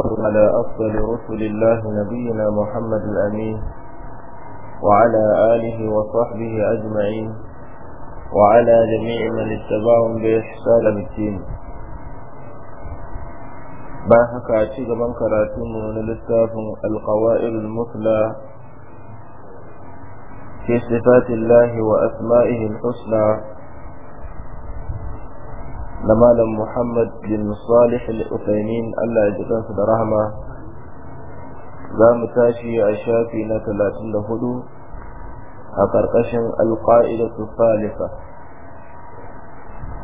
على أفضل رسل الله نبينا محمد الأمين وعلى آله وصحبه أجمعين وعلى جميع من اتبعهم بإحسان الدين باحك عشيق من كراتم الاستاف القوائل المثلى في صفات الله وأسمائه الحسنى na malam muhammad bin salih al-usaimin allah ya ji kansu da rahama za mu tashi a shafi na talatin da hudu a ƙarƙashin alƙa'idatu salisa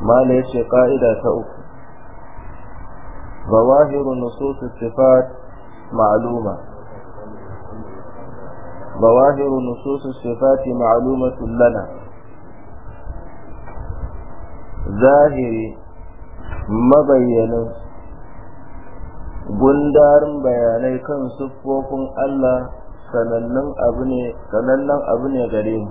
mala ya ce ƙa'ida ta uku ظواهر نصوص الصفات معلومة ظواهر نصوص الصفات معلومة لنا Zahiri. mabayyanin gundarin bayanai kan siffofin Allah sanannen abu ne gare mu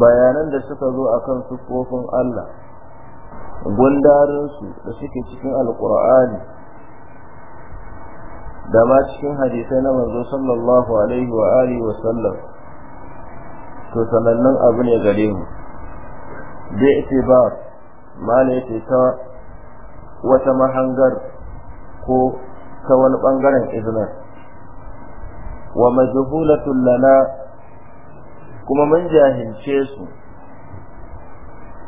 bayanan da suka zo a kan siffofin Allah gundarinsu da suke cikin alkur'ani da ma cikin hadisai na manzo sallallahu alaihi wa alihi wa sallam to sanannen abu ne gare mu bi'tibar mana yake ta wata mahangar ko ta wani bangaren izinar. wa majhulatul lana kuma mun jahilce su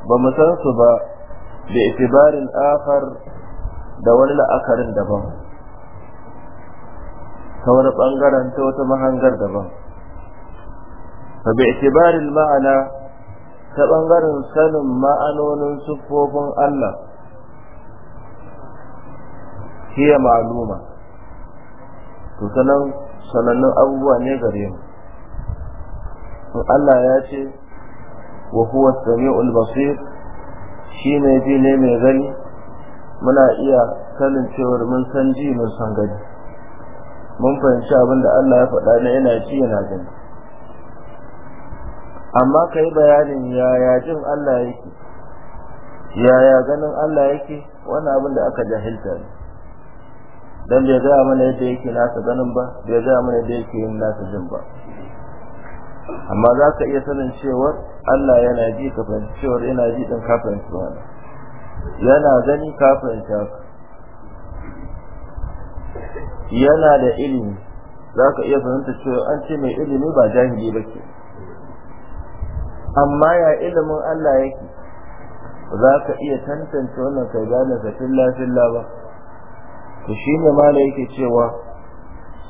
ba mu san su ba da itibarin akhar da wani la'akarin daban ta wani bangaren ta wata mahangar daban fa bi itibarin ma'ana ta ɓangaren sanin ma'anonin siffofin Allah hiya ma'aluma to sanan sanannun abubuwa ne gare mu in Allah ya ce wa huwa sami'ul basir shi ne ji ne mai gani muna iya sanin cewar mun san ji mun san gani mun fahimci abin da Allah ya faɗa na yana ci yana gani amma ka yi bayanin yaya jin Allah yake yaya ganin Allah yake wani abin da aka jahilta ne dan bai gaya mana yadda yake nasa ganin ba bai gaya mana yadda yake yin nasa jin ba amma za ka iya sanin cewar Allah yana ji ka fahimci cewar yana ji din ka fahimci wani yana gani ka fahimci haka yana da ilimi za ka iya fahimta cewa an ce mai ilimi ba jahili ba ke amma ya ilimin Allah yake za ka iya tantance wannan kai gane ka filla filla ba to shi ne ma yake cewa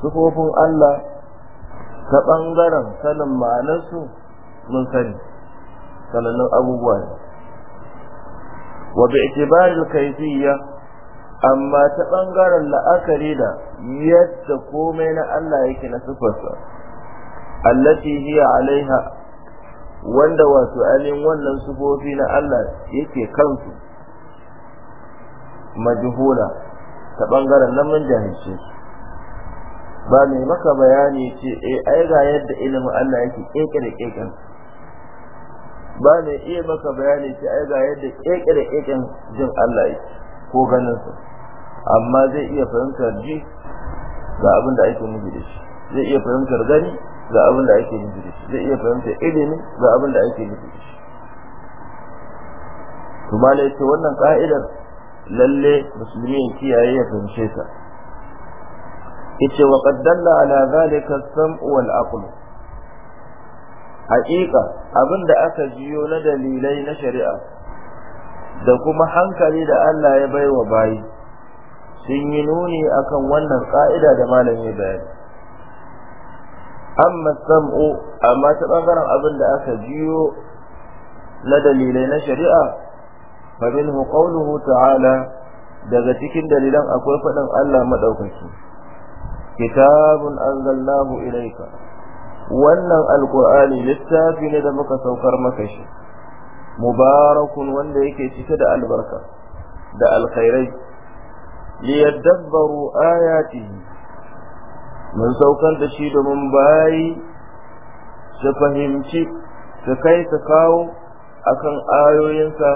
sufofin Allah ta ɓangaren sanin ma'anarsu mun sani sanannun abubuwa ne wa bi itibaril kaifiyya amma ta ɓangaren la'akari da yadda komai na Allah yake na sufarsa allati hiya alaiha wanda wato ainihin wannan sufofi na Allah yake kansu majhula ta bangaren nan mun jahilce ba mai maka bayani ce eh ai ga yadda ilimin Allah yake kekere ƙeƙen ba mai iya maka bayani ce ai ga yadda kekere ƙeƙen jin Allah yake ko ganin sa amma zai iya fahimtar ji ga abin da ake nufi da shi zai iya fahimtar gani ga abin da ake nufi da shi zai iya fahimta ilimi ga abin da ake nufi da shi to malai ce wannan ka'idar lalle musulmi ya kiyaye ya fahimce ta yace wa qad dalla ala zalika as-sam'u wal aql haqiqa abin da aka jiyo na dalilai na shari'a da kuma hankali da Allah ya bai wa bayi sun yi nuni akan wannan ka'ida da malamin bayani amma sam'u amma ta bangaren abin da aka jiyo na dalilai na shari'a fa minhu qawluhu ta'ala daga cikin dalilan akwai faɗin Allah madaukaki kitabun anzalnahu ilayka wannan alqur'ani littafi ne da muka saukar maka shi mubarakun wanda yake cike da albarka da alkhairai liyadabbaru ayatihi mun saukar da shi domin bayi su fahimci su kai su kawo a kan ayoyinsa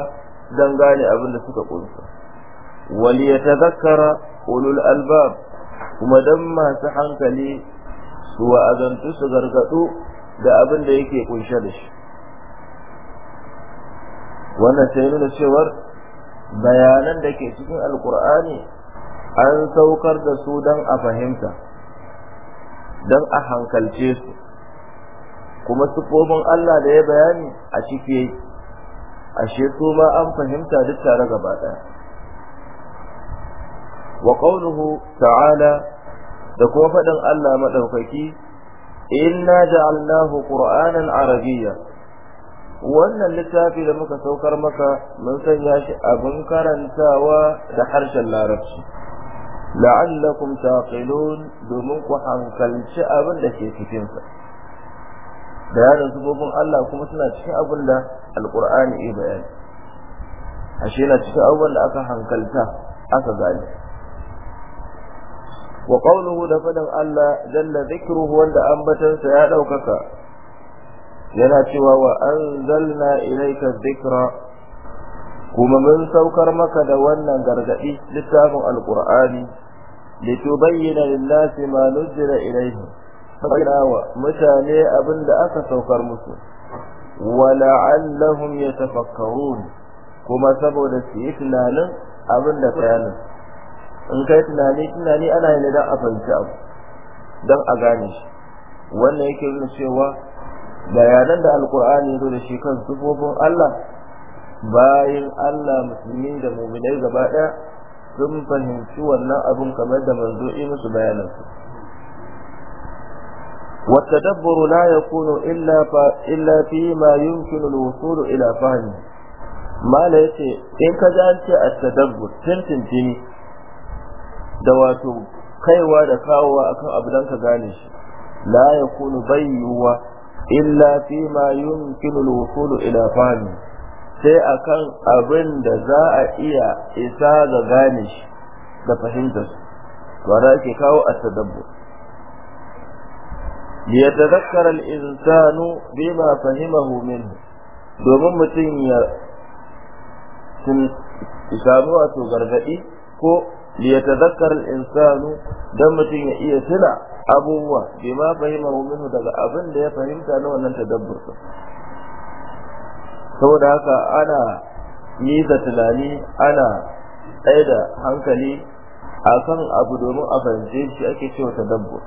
don gane abin da suka kunsa Wani ya zakara ulul albab kuma don masu hankali su wa'azantu su gargaɗu da abin da yake kunshe da shi wannan sai nuna cewar bayanan da ke cikin alkur'ani an saukar da su don a fahimta don a hankalce su kuma sufofin Allah da ya bayani a cike, ashe su ma an fahimta duk tare gaba ɗaya wa qawluhu ta'ala da kuma faɗin Allah madaukaki inna ja'alnahu qur'anan arabiyya wannan littafi da muka saukar maka mun sanya shi abin karantawa da harshen larabci la'allakum taqilun domin ku hankalci abin da ke cikin sa bayanin sufofin Allah kuma suna cikin abin da alqur'ani ya bayani ashe na cikin abin da aka hankalta aka gane wa qawluhu da fadan Allah jalla dhikruhu wanda ambatansa ya daukaka yana cewa wa anzalna ilayka dhikra kuma mun saukar maka da wannan gargadi littafin alqur'ani litubayyana lin-nasi ma nuzila ilayhi wa mutane abinda aka saukar musu wala'allahum yatafakkarun kuma saboda su yi tunanin abinda bayanin in kai tunani tunani ana yin dan a fahimci abu dan a gane shi wannan yake nuna cewa bayanan da alqur'ani zo da shi kan sufofin Allah bayan Allah musulmi da mu'minai gaba ɗaya sun fahimci wannan abin kamar da manzo yi musu bayanan su والتدبر لا يكون إلا, ف... إلا فيما يمكن الوصول إلى فهمه ما لا a ta كذلك التدبر jini. Da wato kaiwa da kawowa akan abu dan ka gane shi la yakunu bayyuwa illa fi ma yumkinu al-wusul ila fahmi sai akan abin da za a iya isa ga gane shi da fahimtar su wanda ake kawo a tadabbur liyatadhakkar al-insanu bima fahimahu minhu domin mutum ya samu wato gargadi ko liyatadhakkar al-insanu don mutum ya iya tuna abubuwa bima fahimahu minhu daga abin da ya fahimta na wannan tadabbur saboda haka ana yi da tunani ana tsaye da hankali a kan abu domin a fahimce shi ake cewa ta dabbo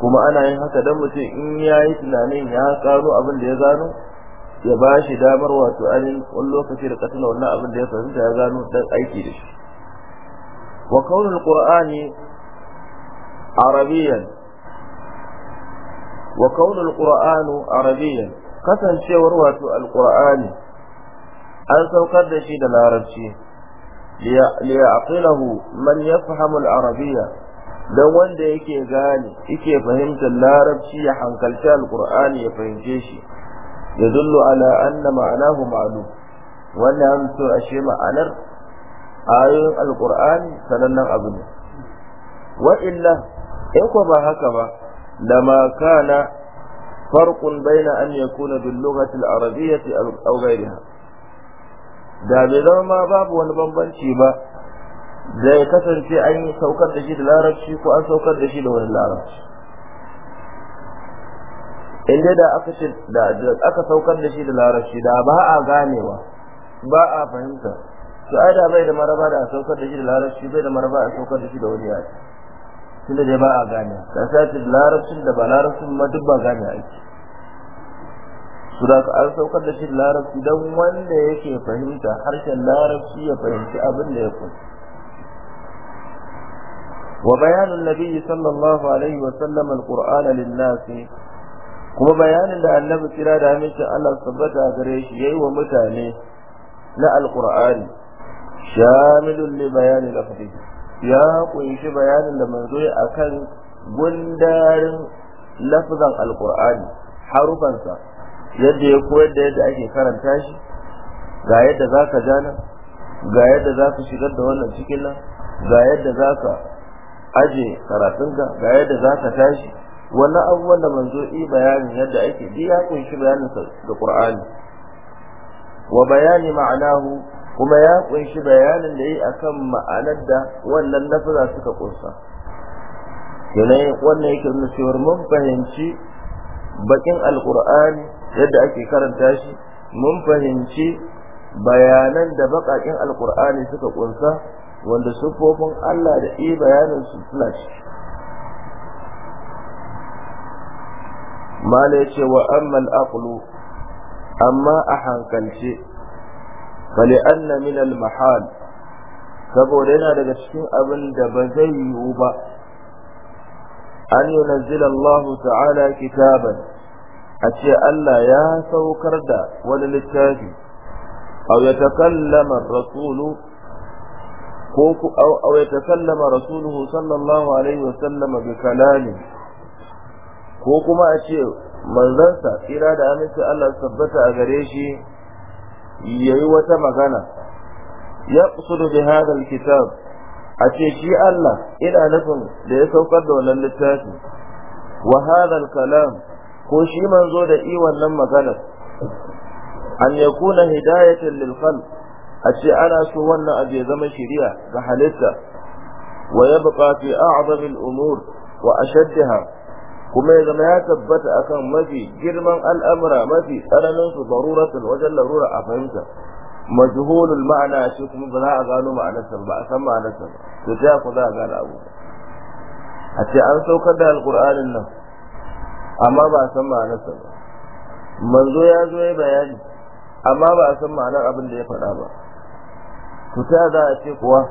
kuma ana yin haka don mutum in ya yi tunanin ya karo abin da ya gano ya ba shi damar wato ainihin wani lokaci da katuna wannan abin da ya fahimta ya gano don aiki da shi wa kaunin qur'ani arabiyan wa kaunin qur'anu arabiyan kasancewar wato alqur'ani an saukar da shi da larabci liyaqilahu man yafhamu al'arabiyya arabiyya dan wanda yake gane yake fahimtar larabci ya hankalci alqur'ani ya fahimce shi yadullu ala anna ma'anahu ma'lum wannan an so ashe ma'anar ayoyin alqur'ani sanannan abu ne wa illa in ba haka ba da ma فرق بين أن يكون باللغة العربية أو غيرها da bai zama ma babu wani bambanci ba zai kasance an yi saukar da shi da larabci ko an saukar da shi da wani larabci inda da aka ce da aka saukar da shi da larabci da ba a ganewa ba a fahimta to ai da bai da maraba da a saukar da shi da larabci bai da maraba a saukar da shi da wani yare tunda dai ba a gane ta sace larabcin da ba larabcin ma duk ba gane ake su da an saukar da shi larabci don wanda yake fahimta harshen larabci ya fahimci abin da ya kunshi wa bayanin nabi sallallahu alaihi wa sallam alqur'ana lin-nas kuma bayanin da annabi kira da amincin Allah tabbata gare shi yayi wa mutane na alqur'ani shamilun li bayani lafzihi ya kunshi bayanin da manzo ya akan gundarin lafzan alqur'ani harufansa yadda ya koyar da yadda ake karanta shi ga yadda zaka jana ga yadda zaka shigar da wannan cikin nan ga yadda zaka aje karatunka ga yadda zaka tashi wannan abubuwan da manzo yi bayanin yadda ake bi ya kunshi bayanin da qur'ani wa bayani ma'anahu kuma ya kunshi bayanin da yi a kan ma'anar da wannan lafaza suka kunsa yanayi wannan yake nuna cewar mun fahimci bakin alkur'ani yadda ake karanta shi mun fahimci bayanan da bakakin alkur'ani suka kunsa wanda sufofin Allah da iya bayanin su suna ciki mala ce wa amma a hankalce Bali فلأن من mahal. saboda yana daga cikin abin da ba zai yiwu ba an yunazzila Allah ta'ala kitaban a ce Allah ya saukar da wani littafi aw yatakallama rasulu ko sallallahu alaihi wa sallama bi kalami ko kuma a ce manzansa kira da aminci Allah tabbata a gare shi yayi wata magana yaqsudu bi hadha alkitab a shi Allah ina nufin da ya saukar da wannan littafi wa hadha alkalam ko shi manzo da i wannan magana an yakuna hidayatan lil khalq a ce ana so wannan abu ya zama shiriya ga halitta wa yabqa fi a'zami al-umur wa ashaddaha kuma ya zama ya tabbata akan mafi girman al'amura mafi tsananin su daruratul wajen larura a fahimta majhulul ma'ana shi kuma ba za a gano ma'anarsa ba a san ma'anarsa ba to ta ku za a gane abu a ce an saukar da alqur'anin nan amma ba a san ma'anarsa ba manzo ya zo ya bayani amma ba a san ma'anar abin da ya faɗa ba to ta za a ce kuwa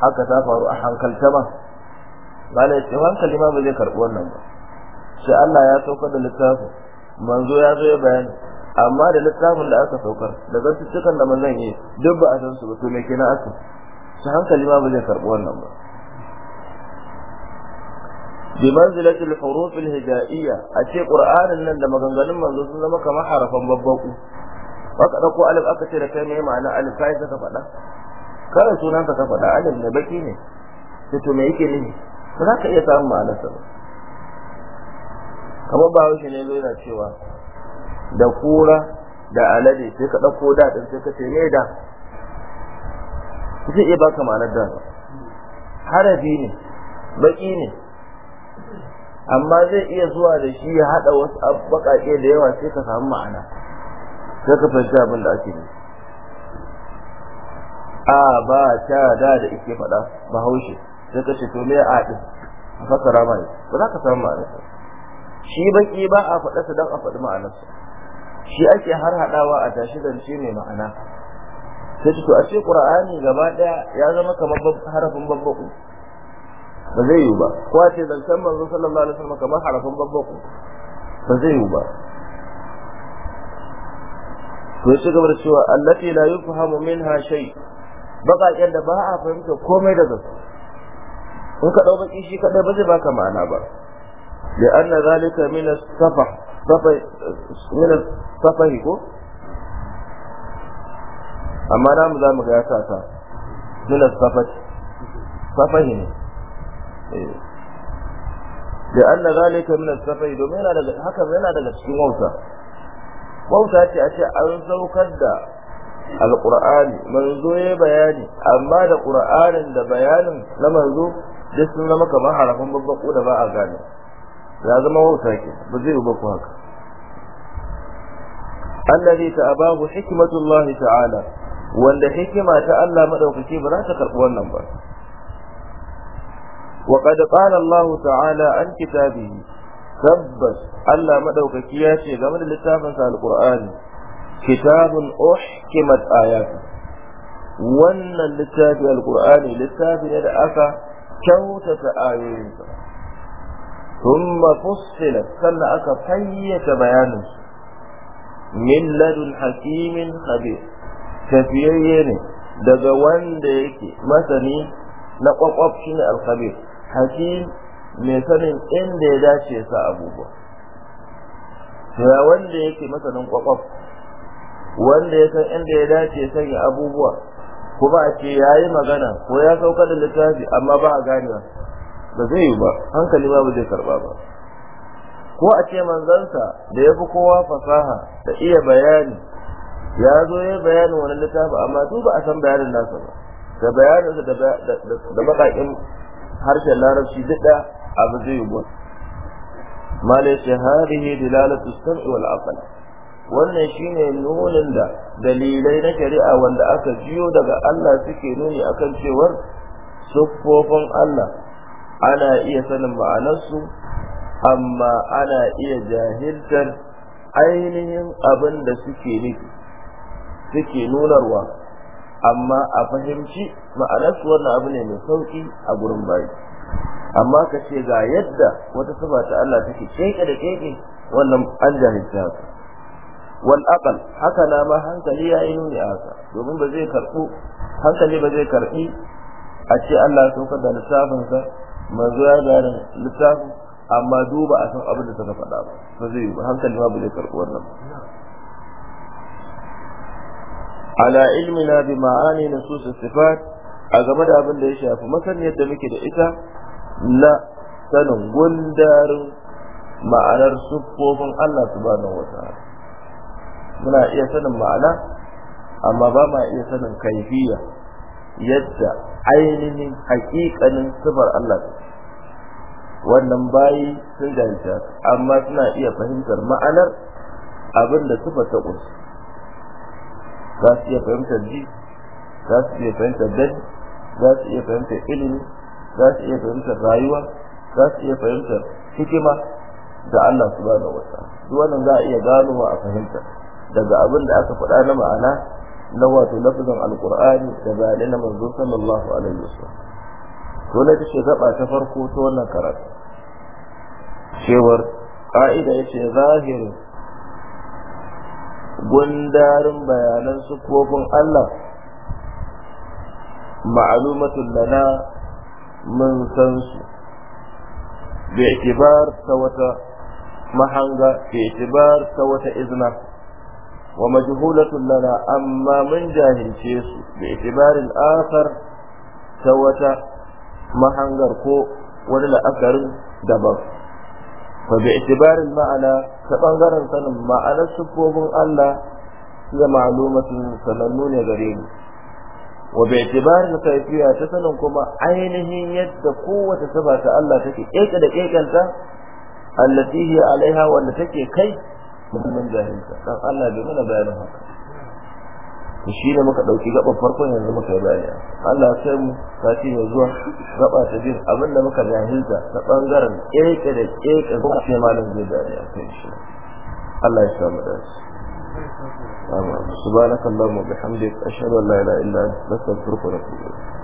haka ta faru a hankalta ma ba na ce hankali ma ba zai karɓi wannan ba sai Allah ya saukar da littafin manzo ya zo ya bayani amma da littafin da aka saukar da zantuttukan da manzan yi duk ba a san su ba to me kenan aka su hankali ma ba zai karɓi wannan ba bi manzilatil huruf al hijaiyya a ce qur'anin nan da maganganun manzo sun zama kamar harafan babbaku aka dauko alif aka ce da kai me ma'ana alif sai ka faɗa kada sunan ka faɗa alif ne baki ne to me yake nufi ba za ka iya samun ma'anarsa ba kamar ba wuce ne zai yana cewa da kura da alade sai ka ɗauko da ɗin sai ka ce ne da zai iya baka ma'anar da harabi ne baki ne amma zai iya zuwa da shi ya haɗa wasu baƙaƙe da yawa sai ka samu ma'ana sai ka fahimci abin da ake yi a ba ta da da ike faɗa bahaushe sai ka ce to me a ɗin a fasara ma ne ba za ka samu ma'anar shi baki ba a faɗa su don a faɗi ma'anarsa shi ake har haɗawa a tashi zance mai ma'ana sai to a ce qur'ani gaba ɗaya ya zama kamar harafin babbaku ba zai yiwu ba ko a ce san manzo sallallahu alaihi wasallam kamar harafin babbaku ba zai yiwu ba ko ya ci gaba cewa allati la yufhamu minha shay baƙaƙen da ba a fahimta komai daga su in ka ɗau baƙi shi kaɗai ba zai baka ma'ana ba لأن ذلك من السفح من السفه كو أما نعم ذا مقاساتا من السفه سفه إيه. لأن ذلك من السفه دومين هكذا yana daga cikin wauta wauta ce a ce an saukar da alqur'ani manzo ya bayani amma da ƙur'ani da bayanin na manzo duk sun zama kamar harafin babbaku da ba a gane ya zama wauta ke ba zai uba ku haka allazi ta'abahu hikmatullahi ta'ala wanda hikima ta Allah madaukake ba za ta karbi wannan ba wa qad qala Allah ta'ala an kitabihi tabbas Allah madaukaki ya ce game da littafin sa alqur'ani kitabun uhkimat ayatu wannan littafin alqur'ani littafi ne da aka kyautata ayoyinsa thumma fussilat sannan aka fayyata bayanin min ladun hakimin khabir tafiyayye ne daga wanda yake masani na kwakwaf shine alkhabir hakim mai sanin inda ya dace sa abubuwa ya wanda yake masanin kwakwaf wanda ya san inda ya dace sanya abubuwa kuma a ce ya yi magana ko ya sauka da littafi amma ba a ganewa ba zai yi ba hankali ma ba zai karba ba ko a ce manzansa da ya fi kowa fasaha da iya bayani ya zo ya bayanin wani littafi amma duk ba a san bayanin nasa ba da bayanin da baƙaƙin harshen larabci duk da abu zai yi ba. malai shaharihi dilalatu sam'i wal aqal wannan shine nunin da dalilai na shari'a wanda aka jiyo daga Allah suke nuni akan cewar siffofin Allah ana iya sanin ma'anarsu amma ana iya jahiltar ainihin abin da suke nufi suke nunarwa amma a fahimci ma'anarsu wannan abu ne mai sauƙi a gurin bayi amma ka ce ga yadda wata saba ta Allah take keke da keke wannan an jahilta su wal aqal haka na ma hankali yi nuni a haka domin ba zai karbu hankali ba zai karbi a ce Allah ya saukar da lissafinsa. manzo ya gane littafin amma duba a san abin da suka faɗa ba ba zai ba hankali ma ba zai karɓi wannan ala na bi ma'ani nusus sifat a game da abin da ya shafi masaniyar da muke da ita na sanin gundarin ma'anar siffofin Allah subhanahu wataala muna iya sanin ma'ana amma ba ma iya sanin kaifiya yadda ainihin hakikanin sifar Allah wannan bayi sun ganta amma suna iya fahimtar ma'anar abinda da sifar ta kunsa za su iya fahimtar ji za su iya fahimtar dadi za su iya fahimtar ilimi za su iya fahimtar rayuwa za su iya fahimtar hikima da Allah subhanahu wa ta'ala duk wannan za a iya ganowa a fahimta daga abin da aka faɗa na ma'ana na wato lafazin alkur'ani da bayanai na manzo sallallahu alaihi wasallam ta ce gaba ta farko ta wannan karatu cewar ƙa'ida ya ce zahirin gundarin bayanan kofin Allah ma'alumatun lana mun san su bi ta wata mahanga bi itibar ta wata izna wa majhulatun lana amma mun jahilce su bi itibarin akhar ta wata mahangar ko wani la'akarin daban fa bi itibarin ma'ana ta ɓangaren sanin ma'anar sufofin Allah da ma'lumatun sanannu ne gare mu wa bi itibarin kaifiya ta sanin kuma ainihin yadda kowace sifa ta Allah take keke da kekenta allati hiya alaiha wanda take kai mutumin jahilta dan Allah bai mana bayanin haka to shi ne muka dauki gaban farkon yanzu muka yi bayani Allah ya kai mu sati mai zuwa gaba ta bin abin da muka jahilta ta bangaren keke da keke ko sai malam zai bayani akan shi Allah ya samu dace سبحانك اللهم وبحمدك أشهد أن لا إله إلا أنت نستغفرك ونتوب إليك